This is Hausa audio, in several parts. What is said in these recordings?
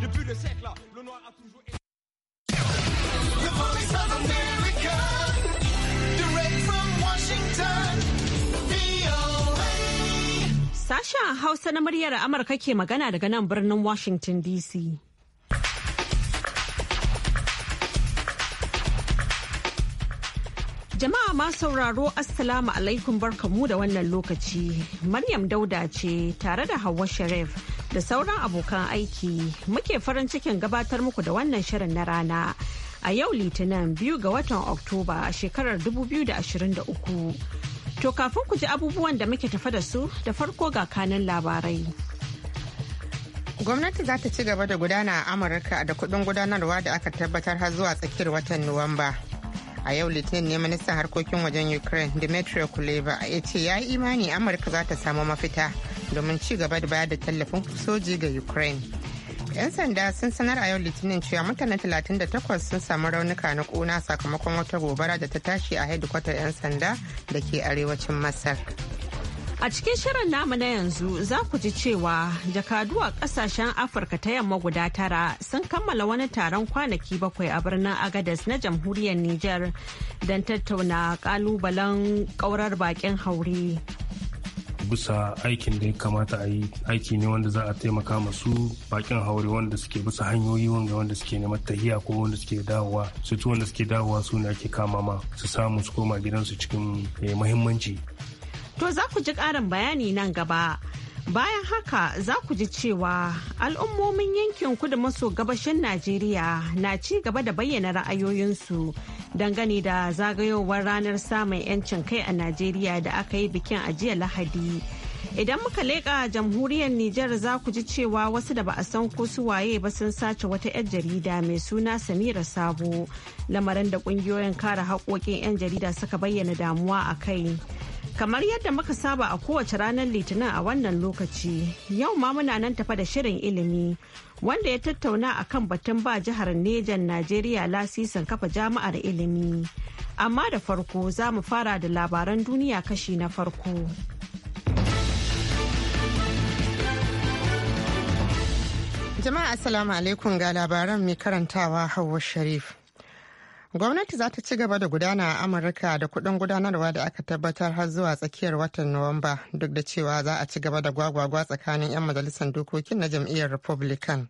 Depuis le siècle, le noir a toujours été. The voice of America, direct from Washington, Sasha Hausa na muryar Amurka ke magana daga nan birnin Washington DC. Jama'a ma sauraro Assalamu alaikum barkamu da wannan lokaci. Maryam Dauda ce tare da Hauwa Sharif da sauran abokan aiki muke farin cikin gabatar muku da wannan shirin na rana. A yau Litinin biyu ga watan Oktoba a shekarar 2023. To kafin ku ji abubuwan da muke tafa da su da farko ga kanin labarai. Gwamnati za ta ci gaba da gudana a Amurka da kuɗin gudanarwa da aka tabbatar har zuwa tsakiyar watan Nuwamba. a yau litinin ne ministan harkokin wajen ukraine dmitry kuleba ya ce ya yi imani amurka za ta samu mafita domin ci gaba da bayar da tallafin soji ga ukraine 'yan sanda sun sanar a yau litinin cewa mutane 38 sun samu raunuka na kuna sakamakon wata gobara da ta tashi a hedikwatar 'yan sanda da ke arewacin masar A cikin shirin namu na yanzu za ku ji cewa jakadu a kasashen Afirka ta yamma guda tara sun kammala wani taron kwanaki bakwai a birnin agadas na jamhuriyar Nijar don tattauna kalubalen kaurar bakin haure. bisa aikin da ya kamata a yi aiki ne wanda za a taimaka masu bakin haure wanda suke bisa hanyoyi wanga wanda suke neman tahiya ko wanda suke dawowa su wanda suke dawowa su ne ake kama ma su samu su koma gidansu cikin eh, mahimmanci To za ku ji ƙarin bayani nan gaba. Bayan haka za ku ji cewa al'ummomin yankin kudu maso gabashin Najeriya na ci gaba da bayyana ra'ayoyinsu dangane da zagayowar ranar samun 'yancin kai a Najeriya da aka yi bikin a jiya Lahadi. Idan muka leƙa jamhuriyar Nijar za ku ji cewa wasu da ba a san ko su waye ba sun sace wata 'yan jarida mai suna Samira Sabo, lamarin da ƙungiyoyin kare haƙoƙin 'yan jarida suka bayyana damuwa a kai. Kamar yadda muka saba a kowace ranar Litinin a wannan lokaci, yau ma muna nan tafa da shirin ilimi wanda ya tattauna a kan batun ba jihar Nejan Najeriya lasisin kafa jami'ar ilimi. Amma da farko za mu fara da labaran duniya kashi na farko. Jama'a asalamu alaikum ga labaran mai karantawa Hauwa Sharif. Gwamnati za ta ci gaba da gudana a Amurka da kudin gudanarwa da aka tabbatar har zuwa tsakiyar watan Nuwamba duk da cewa za a ci gaba da gwagwagwa tsakanin 'yan majalisar dokokin na jam'iyyar Republican.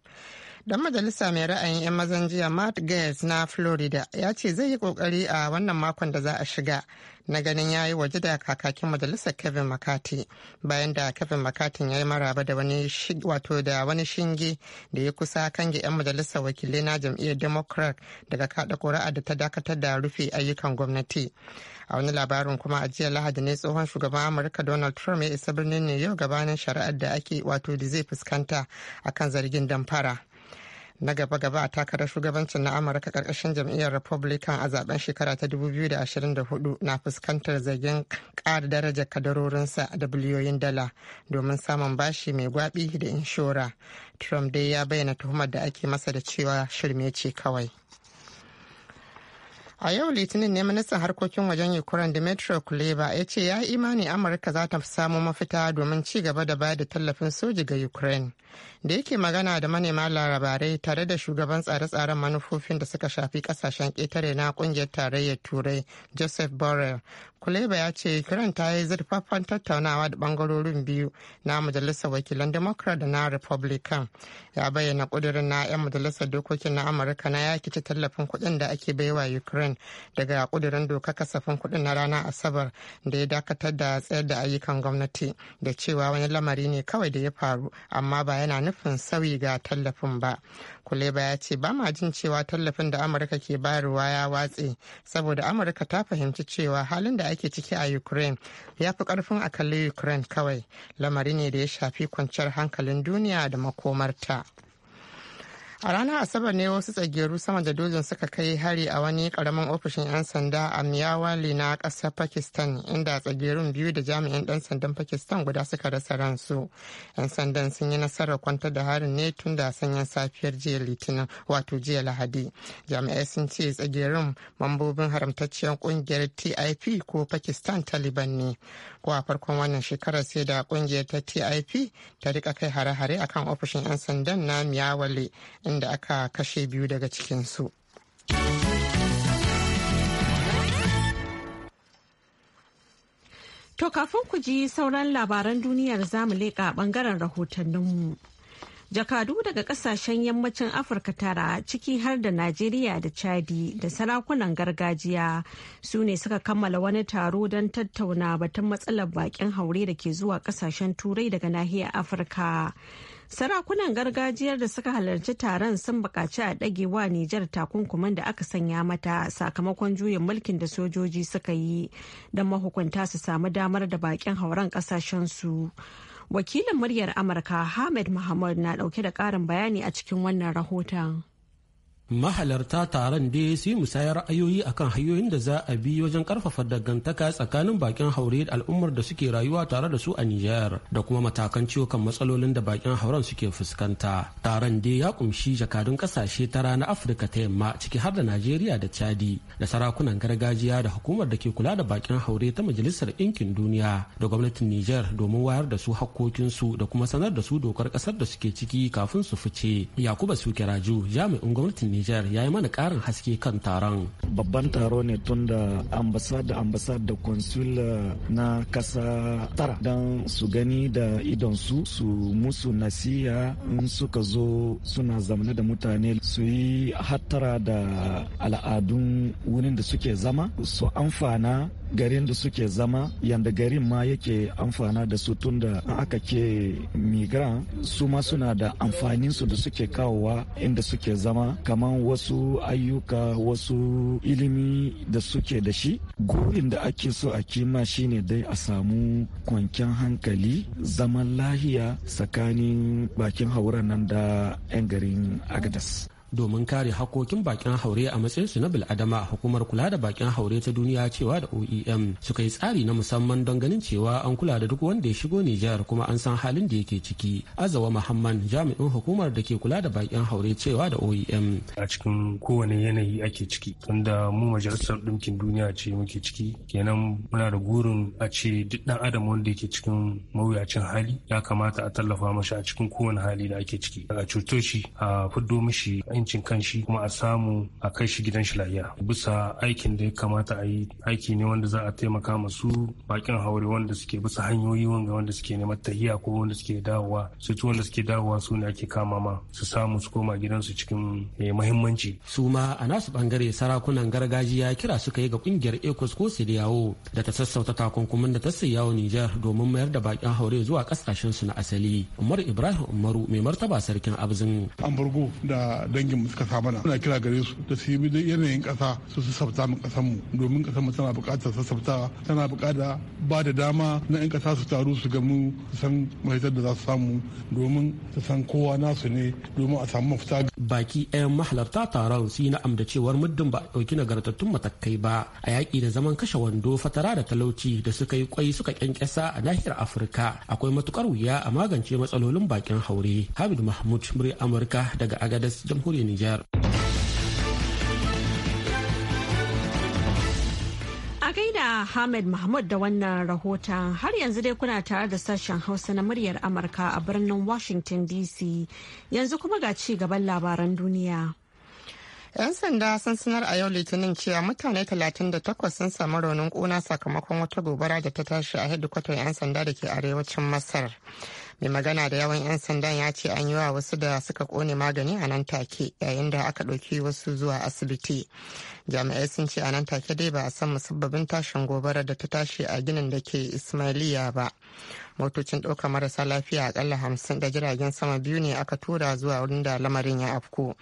Dan majalisa mai ra'ayin 'yan mazan jiya Matt Gaetz na Florida ya ce zai yi kokari a wannan makon da za a shiga na ganin ya yi waje da kakakin majalisar Kevin Makati bayan da Kevin McCarthy ya yi maraba da wani wato da wani shinge da ya kusa kan ga 'yan majalisa wakilai na jam'iyyar Democrat daga kada ƙuri'a da ta dakatar da rufe ayyukan gwamnati. a wani labarin kuma a jiya lahadi ne tsohon shugaban amurka donald trump ya isa birnin new york gabanin shari'ar da ake wato da zai fuskanta akan zargin damfara na gaba-gaba a takarar shugabancin na amurka karkashin jam'iyyar republican a zaben shekara ta 2024 na fuskantar zagin ƙara daraja kadarorinsa da biliyoyin dala domin samun bashi mai gwabi da inshora trump dai ya bayyana tuhumar da ake masa da cewa shirme ce kawai a yau litinin ne ministan harkokin wajen ukraine dmitry kuleba ya ce ya yi imani amurka za ta samu mafita domin ci gaba da bayar da tallafin soji ga ukraine da yake magana da manema labarai tare da shugaban tsare-tsaren manufofin da suka shafi kasashen ƙetare na ƙungiyar tarayyar turai joseph borrell kuleba ya ce kiran ta yi zurfaffen tattaunawa da bangarorin biyu na majalisar wakilan democrat da na republican ya bayyana kudirin na 'yan majalisar dokokin na amurka na yaki ta tallafin kuɗin da ake baiwa ukraine daga kudirin doka kasafin kuɗin na ranar asabar da ya dakatar da tsayar da ayyukan gwamnati da cewa wani lamari ne kawai da ya faru amma ba yana nufin sauyi ga tallafin ba kuleba ya ce ba ma jin cewa tallafin da amurka ke bayarwa ya watse saboda amurka ta fahimci cewa halin da ake ciki a ukraine ya fi ƙarfin a kalli ukraine kawai lamari ne da ya shafi kwanciyar hankalin duniya da makomarta a ranar asabar ne wasu tsageru sama da dozin suka kai hari a wani karamin ofishin 'yan sanda a miyawali na ƙasar pakistan inda tsagerun biyu da jami'in ɗan sandan pakistan guda suka rasa ransu 'yan sandan sun yi nasarar kwantar da harin ne tun da sanyin safiyar jiya litinin wato jiya lahadi jami'ai sun ce tsagerun mambobin haramtacciyar ƙungiyar tip ko pakistan taliban ne ko a farkon wannan shekarar sai da kungiyar ta tip ta rika kai hare-hare akan ofishin 'yan sandan na miyawale inda aka kashe biyu daga cikinsu. To kafin ku ji sauran labaran duniyar zamu leƙa ɓangaren rahotanninmu. jakadu daga kasashen yammacin afirka tara ciki har da najeriya da chadi da sarakunan gargajiya su ne suka kammala wani taro don tattauna batun matsalar bakin haure da ke zuwa kasashen turai daga nahiyar afirka sarakunan gargajiyar da suka halarci taron sun bukaci a wa nijar takunkuman da aka sanya mata sakamakon juyin mulkin da sojoji suka yi don mahukunta su samu damar da bakin hauren kasashen su. wakilin muryar amurka hamid mahmud na dauke da karin bayani a cikin wannan rahoton mahalarta taron dai su yi musayar ra'ayoyi akan hanyoyin da za a bi wajen karfafa dangantaka tsakanin bakin haure da al'ummar da suke rayuwa tare da su a Nijar da kuma matakan ciwo kan matsalolin da bakin hauren suke fuskanta. Taron dai ya kumshi jakadun kasashe tara na Afirka ta yamma ciki har da Najeriya da Chadi da sarakunan gargajiya da hukumar da ke kula da bakin haure ta Majalisar Ɗinkin Duniya da gwamnatin Nijar domin wayar da su hakkokinsu da kuma sanar da su dokar kasar da suke ciki kafin su fice. Yakuba Sukeraju jami'in gwamnatin Nijar Niger ya yi mana ƙarin haske kan taron. Babban taro ne tun da ambasad ambasada konsula na kasa tara don su gani da idonsu su musu nasiya in suka zo suna zamana da mutane su yi hattara da al'adun wurin da suke zama su amfana garin da suke zama yanda garin ma yake amfana da su tun da aka ke migran su ma suna da amfanin su da suke kawowa inda suke zama kamar wasu ayyuka wasu ilimi da suke da shi gurin da ake so a kima shine dai a samu kwanken hankali zaman lahiya tsakanin bakin hauran nan da 'yan garin agadas domin kare hakokin bakin haure a matsayinsu na bil'adama hukumar kula da bakin haure ta duniya cewa da oem suka yi tsari na musamman don ganin cewa an kula da duk wanda ya shigo nijar kuma an san halin da yake ciki azawa muhammad jami'in hukumar da ke kula da bakin haure cewa da oem a cikin kowane yanayi ake ciki tunda mu majalisar ɗinkin duniya ce muke ciki kenan muna da gurin a ce duk dan adam wanda yake cikin mawuyacin hali ya kamata a tallafa masa a cikin kowane hali da ake ciki a cuto shi a fiddo mishi incin kanshi kuma a samu a kai shi gidan shi lafiya bisa aikin da ya kamata a yi aiki ne wanda za a taimaka masu bakin haure wanda suke bisa hanyoyi wanga wanda suke neman tahiya ko wanda suke dawowa su wanda suke dawowa su ne ake kama ma su samu su koma gidansu cikin eh, mahimmanci su ma a nasu bangare sarakunan gargajiya kira suka yi ga kungiyar ecos ko siliyawo da ta sassauta takunkumin da ta yawo nijar domin mayar da bakin haure zuwa kasashen su na asali umar ibrahim umaru mai martaba sarkin abzin an da dangin mu suka samana muna kira gare su da su yi yanayin kasa su su sabta mu kasan mu domin kasan mu tana buƙatar sassabta tana buƙatar ba da dama na 'yan kasa su taru su gamu su san mahaifar da za su samu domin su san kowa nasu ne domin a samu mafita. Baki ɗayan mahalarta taron su yi na'am da cewar muddin ba ɗauki nagartattun matakai ba a yaƙi da zaman kashe wando fatara da talauci da suka yi kwai suka kyankyasa a nahiyar Afirka akwai matukar wuya a magance matsalolin bakin haure. Hamid Mahmud, murya Amurka daga Agadas, Jamhuriyar jamhuriyar Nijar. A gaida Hamid Mahmud da wannan rahoton har yanzu dai kuna tare da sashen Hausa na muryar Amurka a birnin Washington DC yanzu kuma ga ci gaban labaran duniya. 'Yan sanda sun sanar a yau litinin cewa mutane 38 sun samu raunin kuna sakamakon wata gobara da ta tashi a hedikwatar 'yan sanda da ke arewacin Masar. Mai magana da yawan 'yan sandan ya ce an yi wa wasu da suka kone magani a nan take yayin da aka ɗauki wasu zuwa asibiti. Jami'ai sun ce a nan take dai ba a san musabbabin tashin gobara da ta tashi a ginin da ke Ismailiya ba. motocin ɗaukar marasa lafiya a akalla hamsin da jiragen sama biyu ne aka tura zuwa wurin da lamarin ya afku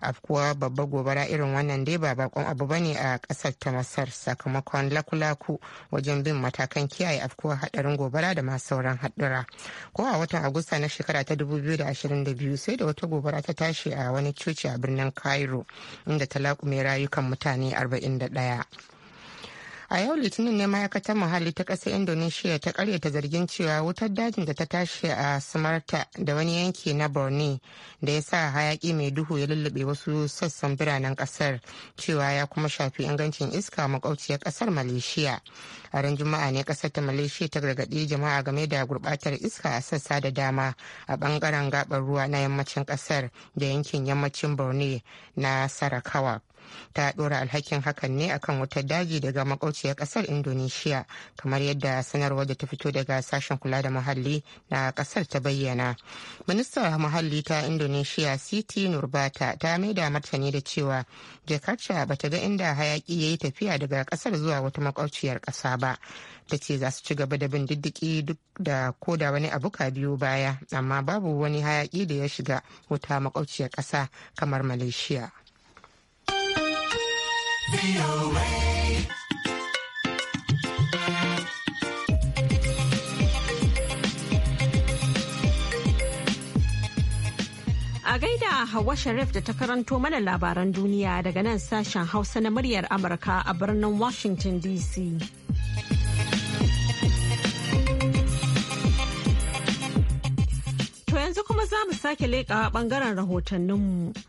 afkuwa babba gobara irin wannan dai ba bakon abu ba ne a ƙasar ta masar sakamakon lakulaku wajen bin matakan kiyaye afkuwa haɗarin gobara da masu sauran haɗura ko a watan agusta na shekara ta 2022 sai da wata gobara ta tashi a wani coci a birnin cairo inda ta laƙume rayukan mutane da ɗaya. a yau litinin ne ma'aikatar muhalli ta ƙasar indonesia ta karyata zargin cewa wutar dajin da ta tashi a smarta da wani yanki na borne da ya sa hayaƙi mai duhu ya lullube wasu sassan biranen ƙasar cewa ya kuma shafi ingancin iska makwabciyar ƙasar malaysia a ran juma'a ne ƙasar ta malaysia ta gargaɗi jama'a game da gurɓatar iska a sassa da dama a ɓangaren gaɓar ruwa na yammacin ƙasar da yankin yammacin borne na sarakawa ta dora alhakin hakan ne akan wata daji daga makauciyar kasar indonesia kamar yadda sanarwar da ta fito daga sashen kula da muhalli na kasar ta bayyana ministar muhalli ta indonesia siti nurbata ta maida martani da cewa jakarta bata ga inda hayaki ya yi tafiya daga kasar zuwa wata makauciyar kasa ba ta ce za su ci gaba da bin diddiki duk da koda wani abu ka biyu baya amma babu wani hayaki da ya shiga wata makauciyar kasa kamar malaysia A gaida Hauwa Sharif da ta karanto mana labaran duniya daga nan sashen Hausa na muryar Amurka a birnin Washington DC. To yanzu kuma za mu sake leƙawa ɓangaren rahotanninmu.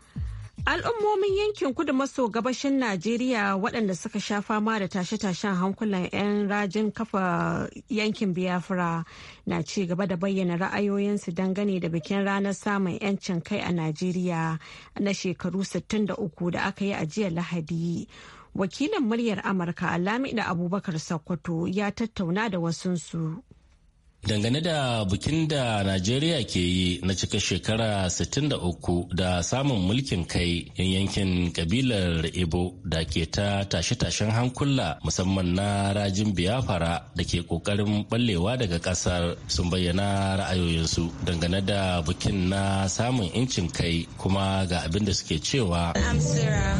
Al'ummomin yankin kudu maso gabashin Najeriya waɗanda suka sha fama da tashe-tashen hankulan 'yan rajin kafa yankin Biafra na ci gaba da bayyana ra'ayoyinsu dangane da bikin ranar samun 'yancin kai a Najeriya na shekaru 63 da aka yi a jiya Lahadi. Wakilin muryar Amurka Alamida Abubakar Sokoto ya tattauna da wasunsu. dangane da bikin da najeriya ke yi na cika shekara 63 da samun mulkin kai yan yankin kabilar ibo da ke ta tashe-tashen hankula musamman na rajin biyafara da ke kokarin ballewa daga kasar sun bayyana ra'ayoyinsu dangane da bikin na samun incin kai kuma ga abin da suke cewa I'm Sarah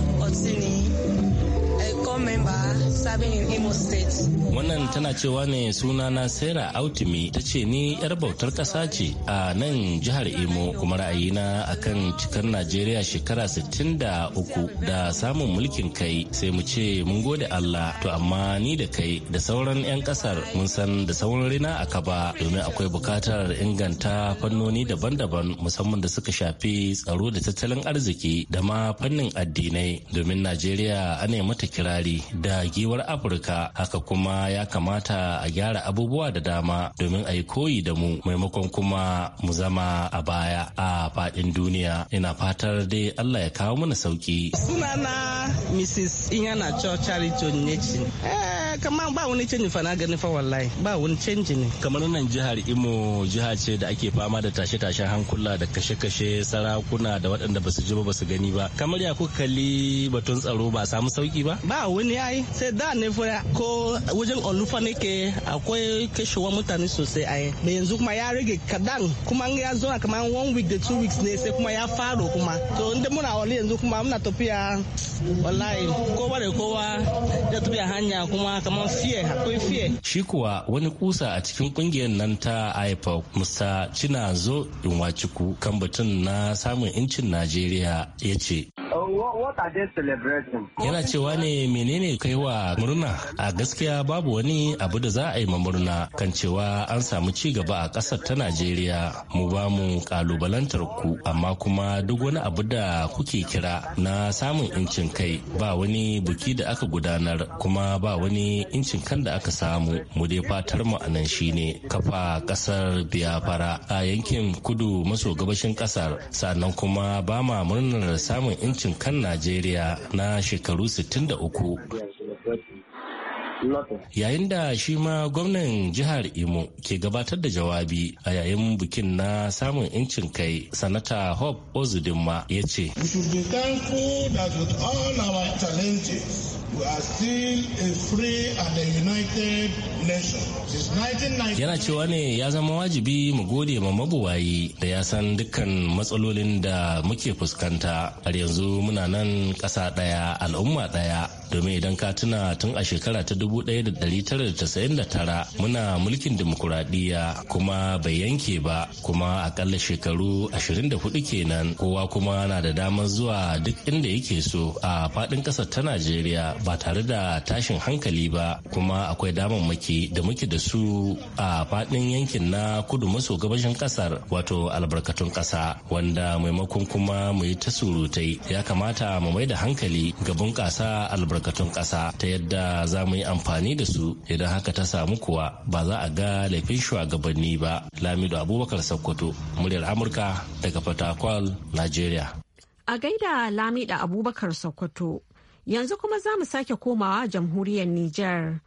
Wannan tana cewa ne sunana Sarah Autimi ta ce ni 'yar bautar ƙasa ce a nan jihar Imo kuma ra'ayina kan cikar Najeriya shekara 63 da samun mulkin kai sai mu ce mun gode Allah to amma ni da kai da sauran 'yan ƙasar mun san da sauran rina a kaba domin akwai bukatar inganta fannoni daban-daban musamman da suka shafi tsaro da tattalin arziki da ma fannin addinai domin Najeriya ana mata kirari da giwa arewar afirka haka kuma ya kamata a gyara abubuwa da dama domin a yi koyi da mu maimakon kuma mu zama a baya a faɗin duniya ina fatar dai allah ya kawo mana sauki sunana mrs inyana chochari onyechin eh, kama ba wani canji fa na gani fa wallahi ba wani canji ne kamar nan jihar imo jiha ce da ake fama da tashe tashe hankula da kashe-kashe sarakuna da waɗanda basu ji ba basu gani ba kamar ya kuka kalli batun tsaro ba samu sauki ba ba wani yayi sai da ne fa ko wajen olufa nake akwai kashewa mutane sosai a da yanzu kuma ya rage kadan kuma ya zo kamar one week da two weeks ne sai kuma ya faro kuma to inda muna wali yanzu kuma muna tafiya wallahi kowa da kowa ya tafiya hanya kuma kamar fiye akwai fiye shi kuwa wani kusa a cikin kungiyar nan ta IPOC Musa Chinazo Inwachuku kan batun na samun incin Najeriya ya ce uh, Yana cewa ne menene kai wa murna a gaskiya babu wani abu da za a yi ma murna kan cewa an samu ci gaba a ƙasar ta Najeriya mu ba mu kalubalantar ku amma kuma duk wani abu da kuke kira na samun incin kai ba wani buki da aka gudanar kuma ba wani incin kan da aka samu mu dai fatar mu anan shine kafa ƙasar Biafra a yankin kudu maso gabashin ƙasar sannan kuma ba ma murnar samun incin kan Najeriya Najeriya na shekaru 63 Yayin da shi ma gwamnan jihar Imo ke gabatar da jawabi a yayin bikin na samun incin kai, Sanata Hope Ozudinma ya ce. Yana cewa ne ya zama wajibi mu gode ma mabuwayi da ya san dukkan matsalolin da muke fuskanta. Har yanzu muna nan ƙasa ɗaya al'umma ɗaya domin idan ka tuna tun a shekara ta 1999 muna mulkin dimokuraɗiyya kuma bai yanke ba kuma akalla shekaru 24 kenan kowa kuma na da damar zuwa duk inda yake so a faɗin ƙasar ta najeriya ba tare da tashin hankali ba kuma akwai damammaki da muke da su a faɗin yankin na kudu maso gabashin ƙasar wato albarkatun ƙasa wanda maimakon kuma mu yi ta surutai ya kamata mu mai da hankali ga bunƙasa albarkatun albarkatun ƙasa ta yadda za mu yi amfani da su idan haka ta samu kuwa ba za a ga laifin shugabanni ba lamido abubakar sokoto muryar amurka daga fatakwal nigeria a gaida lamida abubakar sokoto yanzu kuma za mu sake komawa jamhuriyar niger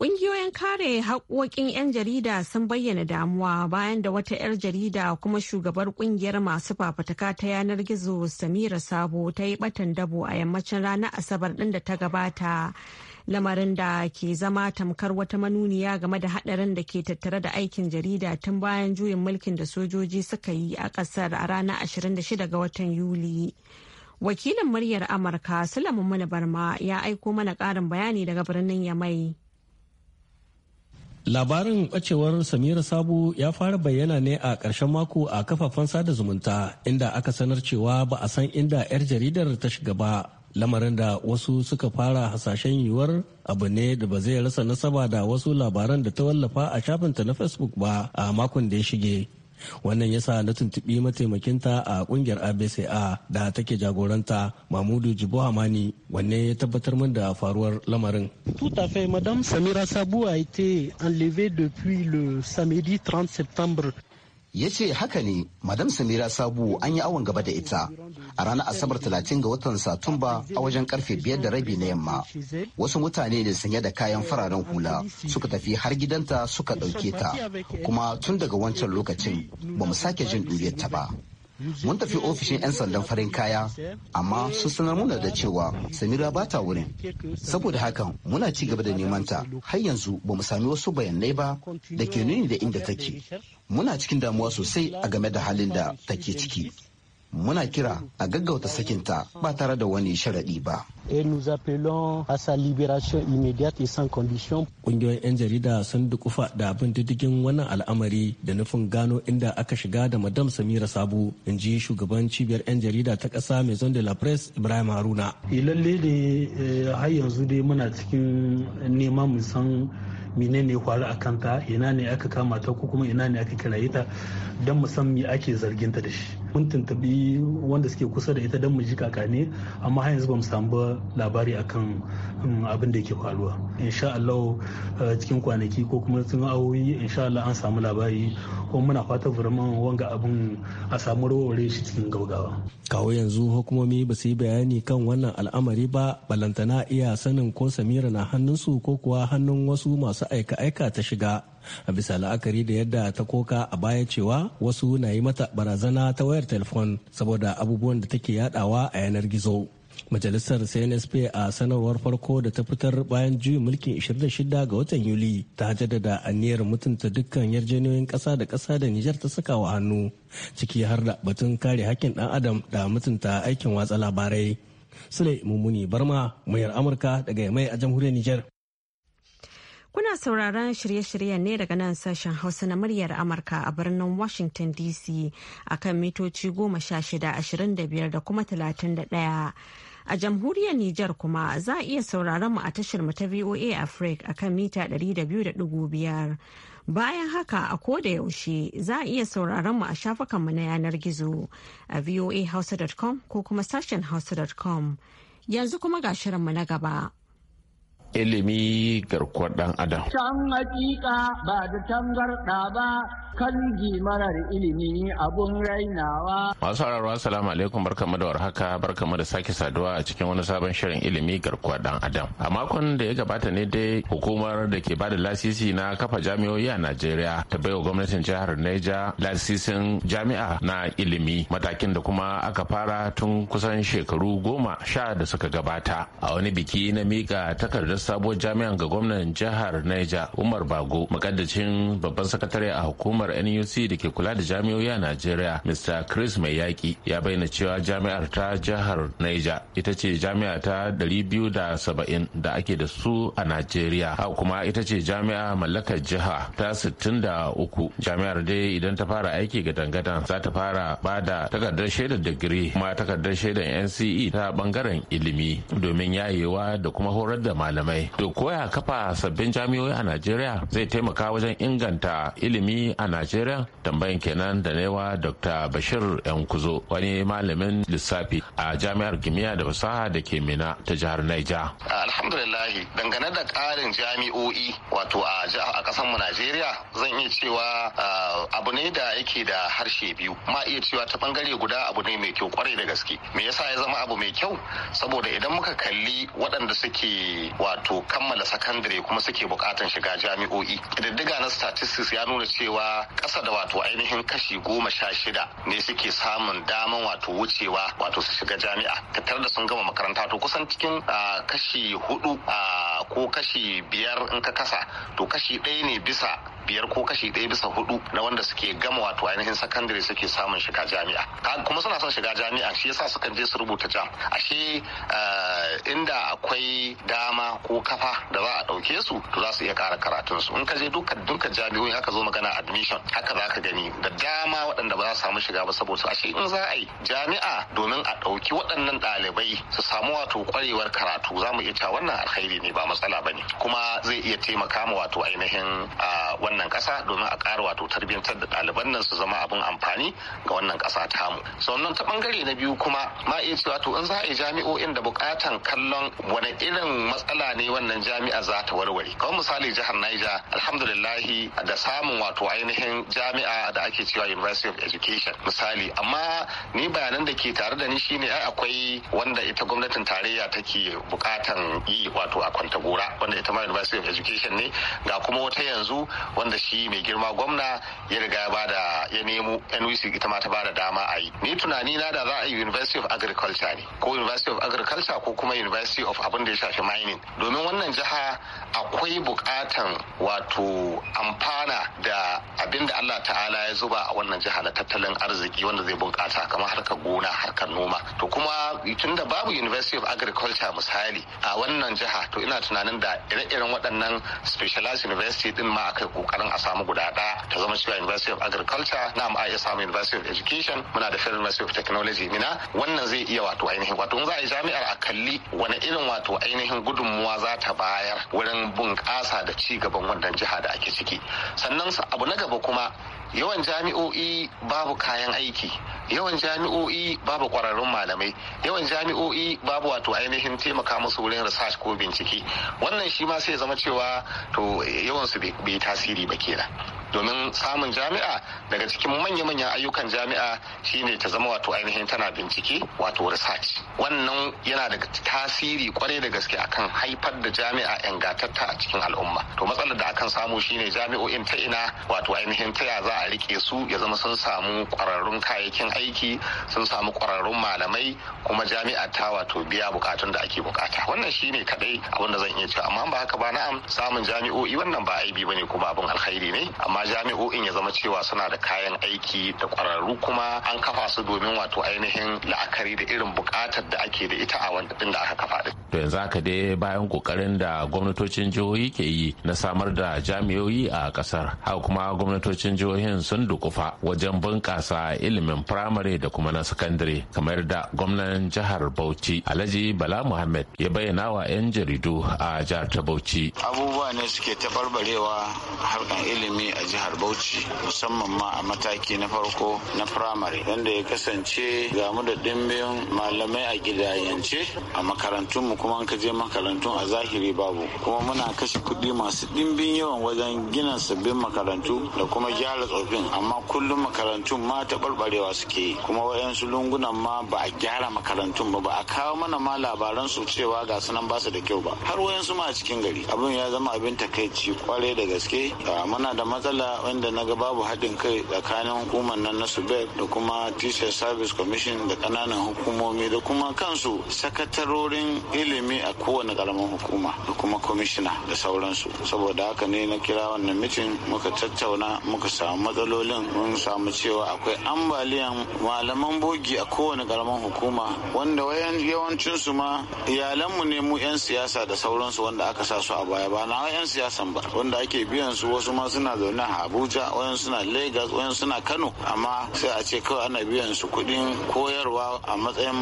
Ƙungiyoyin kare haƙoƙin 'yan jarida sun bayyana damuwa bayan da wata 'yar jarida kuma shugabar ƙungiyar masu fafutuka ta yanar gizo Samira Sabo ta yi batan dabo a yammacin ranar Asabar ɗin da ta gabata. Lamarin da ke zama tamkar wata manuniya game da haɗarin da ke tattare da aikin jarida tun bayan juyin mulkin da sojoji suka yi a ƙasar a ranar 26 ga watan Yuli. Wakilin muryar Amurka Sulaiman Mana ya aiko mana ƙarin bayani daga birnin Yamai. Labarin bacewar Samira Sabu ya fara bayyana ne a ƙarshen mako a kafafen sada zumunta inda aka sanar cewa ba a san inda 'yar jaridar ta shiga ba. Lamarin da wasu suka fara hasashen yiwuwar abu ne da ba zai rasa nasaba da wasu labaran da ta wallafa a shafinta na Facebook ba a makon da ya shige. wannan yasa na tuntuɓi mataimakinta a kungiyar abca da take jagoranta mamudu jibo hamani wanne ya tabbatar min da faruwar lamarin tout à fait madame samira sabu a été enlevée depuis le samedi 30 septembre ya ce haka ne madam samira sabu an yi awon gaba da ita a ranar asabar 30 ga watan satumba a wajen karfe biyar da rabi na yamma wasu mutane ne sanye da kayan fararen hula suka tafi har gidanta suka ɗauke ta kuma tun daga wancan lokacin ba mu sake jin ta ba mun tafi ofishin 'yan sandan farin kaya amma sun sanar muna da cewa samira ba ta wurin saboda hakan muna ci gaba da neman ta har yanzu ba mu sami wasu bayanai ba da ke nuni da inda take muna cikin damuwa sosai a game da halin da take ciki muna kira a gaggauta sakinta ba tare da wani sharaɗi ba. Et nous appelons à sa libération immédiate et condition. 'yan jarida sun dukufa da abin diddigin wannan al'amari da nufin gano inda aka shiga da Madam Samira Sabu, in ji shugaban cibiyar 'yan jarida ta ƙasa Maison de la Presse Ibrahim Haruna. Eh, lalle da eh, har yanzu dai muna cikin neman mu san ne ya faru a kanta ina ne aka kama ta ko kuma ina ne aka kiraye don mu san me ake zargin ta da shi mun tuntubi wanda suke kusa da ita don mu ji kakane amma har yanzu ba mu samu ba labari akan um, abin da yake faruwa insha Allah uh, cikin kwanaki ko kuma cikin awoyi insha Allah an samu labari ko muna fatan vraiment wanga abin a samu rawar shi cikin gaugawa kawo yanzu hukumomi ba su yi bayani kan wannan al'amari ba balantana iya sanin ko Samira na hannunsu ko kuwa hannun wasu masu aika-aika ta shiga a bisa la'akari da yadda ta koka a baya cewa wasu na yi mata barazana ta wayar telefon saboda abubuwan da take yadawa a yanar gizo majalisar cnsp a sanarwar farko da ta fitar bayan juyin mulkin 26 ga watan yuli ta jaddada aniyar mutunta dukkan yarjejeniyoyin ƙasa da ƙasa da nijar ta saka wa hannu ciki har da batun kare hakkin ɗan adam da mutunta aikin watsa labarai sule mummuni barma mayar amurka daga mai a jamhuriyar nijar Kuna sauraron shirye-shiryen ne daga nan sashen Hausa na muryar Amurka a birnin Washington DC a kan mitoci goma sha shida ashirin da biyar da kuma talatin da ɗaya. A jamhuriyar Nijar kuma za a iya sauraron mu a tashar mu ta VOA Africa a kan mita ɗari da biyu da biyar. Bayan haka a koda yaushe za a iya sauraron mu a shafukan mu na yanar gizo a voahausa.com ko kuma sashen hausa.com. Yanzu kuma ga shirinmu na gaba. ilimi garkuwar dan adam. Can hakika ba da tangarɗa ba kangi mana da ilimi abun rainawa. Masu hararwa salamu alaikum barka da warhaka barkamu da sake saduwa a cikin wani sabon shirin ilimi garkuwa dan adam. A makon da ya gabata ne dai hukumar da ke bada lasisi na kafa jami'o'i a Najeriya ta baiwa gwamnatin jihar Neja lasisin jami'a na ilimi matakin da kuma aka fara tun kusan shekaru goma sha da suka gabata. A wani biki na mika takardar sabuwar jami'an ga gwamnan jihar Neja Umar Bago makaddacin babban sakatare a hukumar jami'ar nuc da ke kula da jami'o'i a najeriya mr chris mai yaki ya bayyana cewa jami'ar ta jihar niger ita ce jami'a ta 270 da ake da su a najeriya haka kuma ita ce jami'a mallakar jiha ta 63 jami'ar dai idan ta fara aiki ga dangadan za ta fara ba da takardar shaidar digiri kuma takardar shaidar nce ta bangaren ilimi domin yayewa da kuma horar da malamai to koya kafa sabbin jami'o'i a najeriya zai taimaka wajen inganta ilimi a najeriya tambayin kenan da newa dr bashir Yankuzo wani malamin lissafi a jami'ar kimiyya da fasaha da ke mina ta jihar naija alhamdulillah dangane da karin jami'o'i wato a kasan mu najeriya zan iya cewa abu ne da yake da harshe biyu ma iya cewa ta bangare guda abu ne mai kyau kwarai da gaske me yasa ya zama abu mai kyau saboda idan muka kalli waɗanda suke wato kammala sakandare kuma suke bukatan shiga jami'o'i ƙididdiga na statistics ya nuna cewa Kasa da wato ainihin kashi goma sha shida ne suke samun daman wato wucewa wato su shiga jami'a tattar da sun gama makaranta to kusan cikin kashi hudu ko kashi biyar in ka kasa to kashi ɗaya ne bisa biyar ko kashi ɗaya bisa hudu na wanda suke gama wato ainihin sakandare suke samun shiga jami'a kuma suna son shiga jami'a shi yasa sukan je su rubuta jam ashe inda akwai dama ko kafa da za a ɗauke su to za su iya ƙara karatun su in ka je duka duka jami'o'i aka zo magana admission haka za ka gani da dama waɗanda ba za su samu shiga ba saboda ashe in za a yi jami'a domin a ɗauki waɗannan ɗalibai su samu wato ƙwarewar karatu za mu iya cewa wannan alkhairi ne ba matsala ba ne kuma zai iya taimaka ma wato ainihin wannan ƙasa domin a ƙara wato tarbiyyantar da ɗaliban nan su zama abin amfani ga wannan ƙasa tamu sannan ta ɓangare na biyu kuma ma iya cewa to in za a yi jami'o'in da buƙatan kallon wani irin matsala ne wannan jami'a za ta warware kamar misali jihar Niger alhamdulillahi da samun wato ainihin ainihin jami'a da ake cewa University of Education misali amma ni bayanan da ke tare da ni shine ai akwai wanda ita gwamnatin tarayya take bukatan yi wato a Kwantagora wanda ita ma University of Education ne ga kuma wata yanzu wanda shi mai girma gwamna ya riga ya bada ya nemo NUC ita ma ta bada dama a yi ni tunani na da za a yi University of Agriculture ne ko University of Agriculture ko kuma University of abin da ya shafi mining domin wannan jiha akwai bukatan wato amfana da abin da Allah ta'ala ya zuba a wannan jiha na tattalin arziki wanda zai bunƙasa kamar harkar gona harkar noma to kuma tun da babu University of Agriculture misali a wannan jiha to ina tunanin da ire-iren waɗannan specialized university din ma akai kokarin a samu guda ɗaya ta zama cewa University of Agriculture na a iya samu University of Education muna da Federal University of Technology mina wannan zai iya wato ainihin wato in za a yi jami'ar a kalli wani irin wato ainihin gudunmuwa za ta bayar wurin bunƙasa da ci gaban wannan jiha da ake ciki sannan abu na gaba 哭吗？yawan jami'o'i babu kayan aiki yawan jami'o'i babu kwararrun malamai yawan jami'o'i babu wato ainihin taimaka musu wurin research ko bincike wannan shi ma sai zama cewa to yawan su bai tasiri ba kenan domin samun jami'a daga cikin manya-manyan ayyukan jami'a shine ta zama wato ainihin tana bincike wato research wannan yana da tasiri kwarai da gaske akan haifar da jami'a ingantatta a cikin al'umma to matsalar da akan samu shine jami'o'in ta ina wato ainihin ta ya za a rike su ya zama sun samu kwararrun kayayyakin aiki sun samu kwararrun malamai kuma jami'a ta wato biya bukatun da ake bukata wannan shine kadai abin da zan iya cewa amma ba haka ba na'am samun jami'o'i wannan ba aibi bane kuma abin alkhairi ne amma jami'o'in ya zama cewa suna da kayan aiki da kwararru kuma an kafa su domin wato ainihin la'akari da irin bukatar da ake da ita a wanda da aka kafa din to yanzu haka dai bayan kokarin da gwamnatocin jihohi ke yi na samar da jami'o'i a kasar haka kuma gwamnatocin jihohi jihohin sun dukufa wajen bunƙasa ilimin firamare da kuma na sakandare kamar da gwamnan jihar bauchi alhaji bala muhammed ya bayyana wa 'yan jaridu a jihar ta bauchi abubuwa ne suke tabarbarewa harkan ilimi a jihar bauchi musamman ma a mataki na farko na firamare wanda ya kasance ga mu da dimbin malamai a gidayance a makarantunmu kuma ka je makarantun a zahiri babu kuma muna kashe kuɗi masu dimbin yawan wajen gina sabbin makarantu da kuma gyara tsofaffin amma kullum makarantun ma ta barbarewa suke kuma wayansu lungunan ma ba a gyara makarantun ba ba a kawo mana ma labaran su cewa ga sunan ba su da kyau ba har wayansu ma a cikin gari abin ya zama abin takaici kwarai da gaske muna da matsala wanda na ga babu haɗin kai tsakanin hukumar nan na subek da kuma teacher service commission da ƙananan hukumomi da kuma kansu sakatarorin ilimi a kowane ƙaramin hukuma da kuma kwamishina da sauransu saboda haka ne na kira wannan mitin muka tattauna muka samu matsalolin mun samu cewa akwai ambaliyan malaman bogi a kowane karamin hukuma wanda wayan yawancinsu ma iyalanmu ne mu 'yan siyasa da sauransu wanda aka sa su a baya ba na 'yan siyasan ba wanda ake biyan su wasu ma suna zaune a abuja wayan suna lagos wayan suna kano amma sai a ce kawai ana biyan su kuɗin koyarwa a matsayin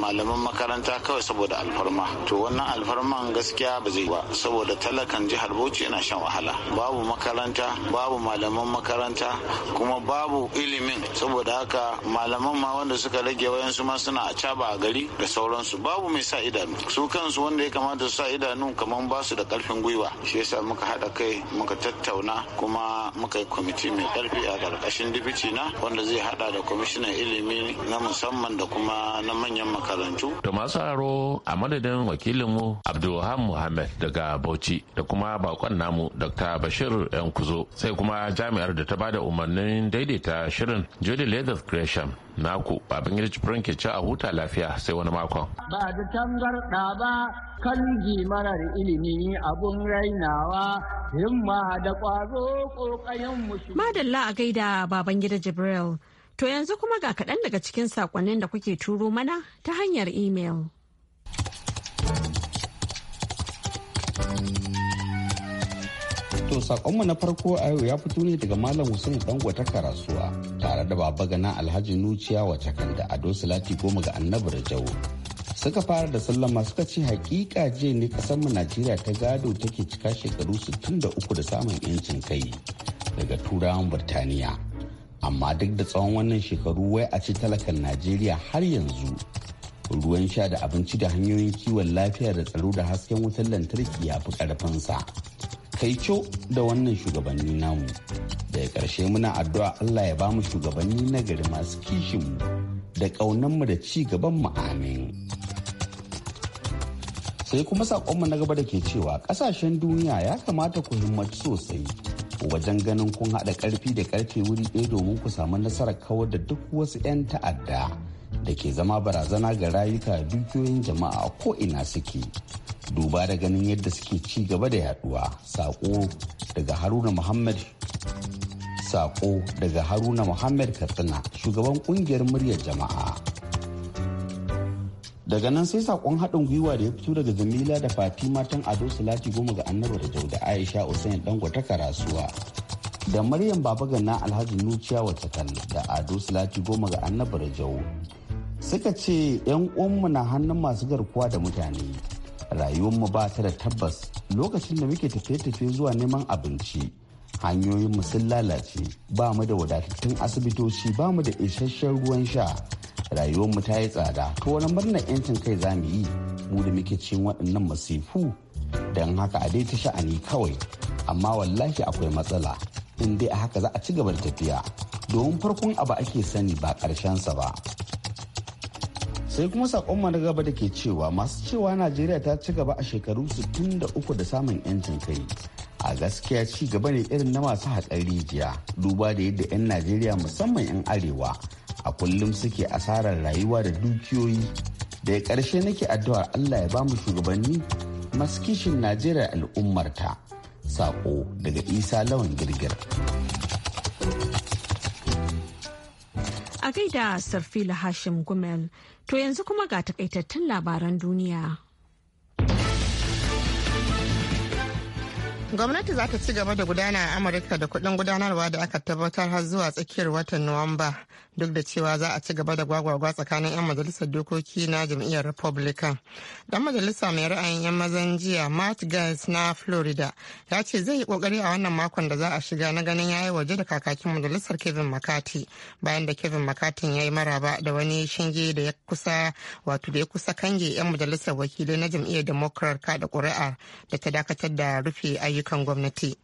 malaman makaranta kawai saboda alfarma to wannan alfarman gaskiya ba zai ba saboda talakan jihar bauchi yana shan wahala babu makaranta babu malaman makaranta ta kuma babu ilimin saboda haka malaman ma wanda suka rage wayan su ma suna a caba a gari da sauransu babu mai sa idanu su kansu wanda ya kamata su sa idanu kamar ba su da karfin gwiwa shi yasa muka haɗa kai muka tattauna kuma muka yi kwamiti mai karfi a karkashin dibici na wanda zai haɗa da kwamishinan ilimi na musamman da kuma na manyan makarantu. da masu aro a madadin wakilinmu abdulham muhammed daga bauchi da kuma bakon namu dr bashir yan kuzo sai kuma jami'ar da ta ba da umarnin daidaita shirin Jody Leather Gresham naku babin yarji ke ci a huta lafiya sai wani makon. Ba da tangarɗa ba kan marar ilimi abun rainawa himma da kwazo kokayen mushi. Madalla a gaida baban gida Jibril. To yanzu kuma ga kaɗan daga cikin sakonnin da kuke turo mana ta hanyar imel. To sakonmu na farko a yau ya fito ne daga Malam Hussein ta Karasuwa tare da Baba Gana Alhaji Nuciya wace kan da Ado Salati goma ga Annabi jawo Suka fara da sallama suka ce hakika je ne kasar mu Najeriya ta gado take cika shekaru 63 da uku da samun yancin kai daga turawan Birtaniya. Amma duk da tsawon wannan shekaru wai a ci talakan Najeriya har yanzu ruwan sha da abinci da hanyoyin kiwon lafiya da tsaro da hasken wutar lantarki ya fi ƙarfinsa. kaico da wannan shugabanni namu daga ƙarshe muna addu'a allah ya ba mu shugabanni na gari masu kishin mu da ƙaunanmu da ci gaban mu amin sai kuma saƙonmu na gaba da ke cewa ƙasashen duniya ya kamata ku himmatu sosai wajen ganin kun haɗa ƙarfi da ƙarfe wuri ɗaya domin ku samu nasarar kawar da duk wasu 'yan ta'adda da ke zama barazana ga rayuka dukiyoyin jama'a a ina suke duba da ganin yadda suke ci gaba da yaduwa sako daga haruna muhammad sako daga haruna muhammad katsina shugaban kungiyar muryar jama'a daga nan sai sakon haɗin gwiwa da ya fito daga jamila da fatima tan ado salati goma ga annabar da dauda aisha usain ta karasuwa da maryam baba ganna alhaji nuciya wacce da ado salati goma ga annabar jau suka ce 'yan uwanmu na hannun masu garkuwa da mutane rayuwarmu ba ta da tabbas lokacin da muke tafiye-tafiye zuwa neman abinci hanyoyin mu sun lalace ba mu da wadatattun asibitoci ba mu da isasshen ruwan sha rayuwarmu ta yi tsada to wani murnar 'yancin kai za mu yi mu da muke cin waɗannan masifu don haka a dai ta sha'ani kawai amma wallahi akwai matsala in dai a haka za a ci gaba da tafiya domin farkon abu ake sani ba ƙarshensa ba sai kuma sakon na gaba da ke cewa masu cewa najeriya ta ci gaba a shekaru 63 da samun yancin kai a gaskiya ci gaba ne irin na masu haƙar rijiya duba da yadda 'yan najeriya musamman 'yan arewa a kullum suke asarar rayuwa da dukiyoyi da ya ƙarshe nake addu'ar allah ya bamu shugabanni masu kishin najeriya al'ummarta sako daga isa lawan girgir a gaida Sarfila Hashim Gumel. To yanzu kuma ga takaitattun labaran duniya. gwamnati za ta ci gaba da gudana a amurka da kuɗin gudanarwa da aka tabbatar har zuwa tsakiyar watan nuwamba duk da cewa za a ci gaba da gwagwagwa tsakanin 'yan majalisar dokoki na jam'iyyar republican dan majalisa mai ra'ayin 'yan mazan jiya matt gaetz na florida ya ce zai yi kokari a wannan makon da za a shiga na ganin ya yi waje da kakakin majalisar kevin mccarthy bayan da kevin mccarthy ya yi maraba da wani shinge da ya kusa wato da ya kusa kange 'yan majalisar wakilai na jam'iyyar democrat kada kuri'a da ta dakatar da rufe ayyuka ayyukan gwamnati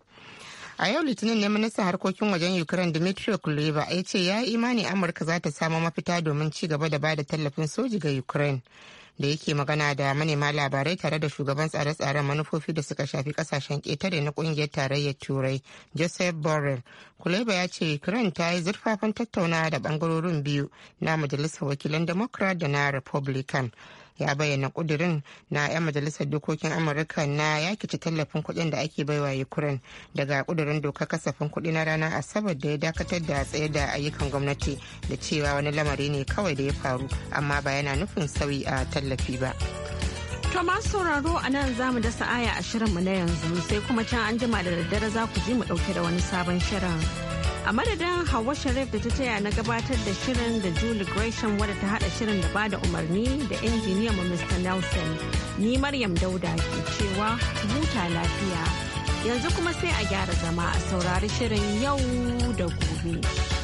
a yau litinin ne ministan harkokin wajen ukraine dmitry kuleba ya ce ya yi imani amurka za ta samu mafita domin ci gaba da bada tallafin soji ga ukraine da yake magana da manema labarai tare da shugaban tsare-tsaren manufofi da suka shafi kasashen ƙetare na ƙungiyar tarayyar turai joseph borrell kuleba ya ce ukraine ta yi zurfafan tattaunawa da bangarorin biyu na majalisar wakilan democrat da na republican ya bayyana kudirin na 'yan majalisar dokokin amurka na yakice tallafin kuɗin da ake baiwa ukraine daga kudirin dokar kasafin kuɗi na ranar asabar da ya dakatar da tsaye da ayyukan gwamnati da cewa wani lamari ne kawai da ya faru amma ba yana nufin sauyi a tallafi ba. To sauraro a nan za mu dasa aya a shirinmu na yanzu sai kuma can an jima da daddare za ku ji mu ɗauke da wani sabon shirin. a madadin hawa sharif da ta taya na gabatar da shirin da julie gresham wadda ta hada shirin da bada umarni da injiniyan mu mr nelson ni maryam dauda ke cewa huta lafiya yanzu kuma sai a gyara zama a saurari shirin yau da gobe.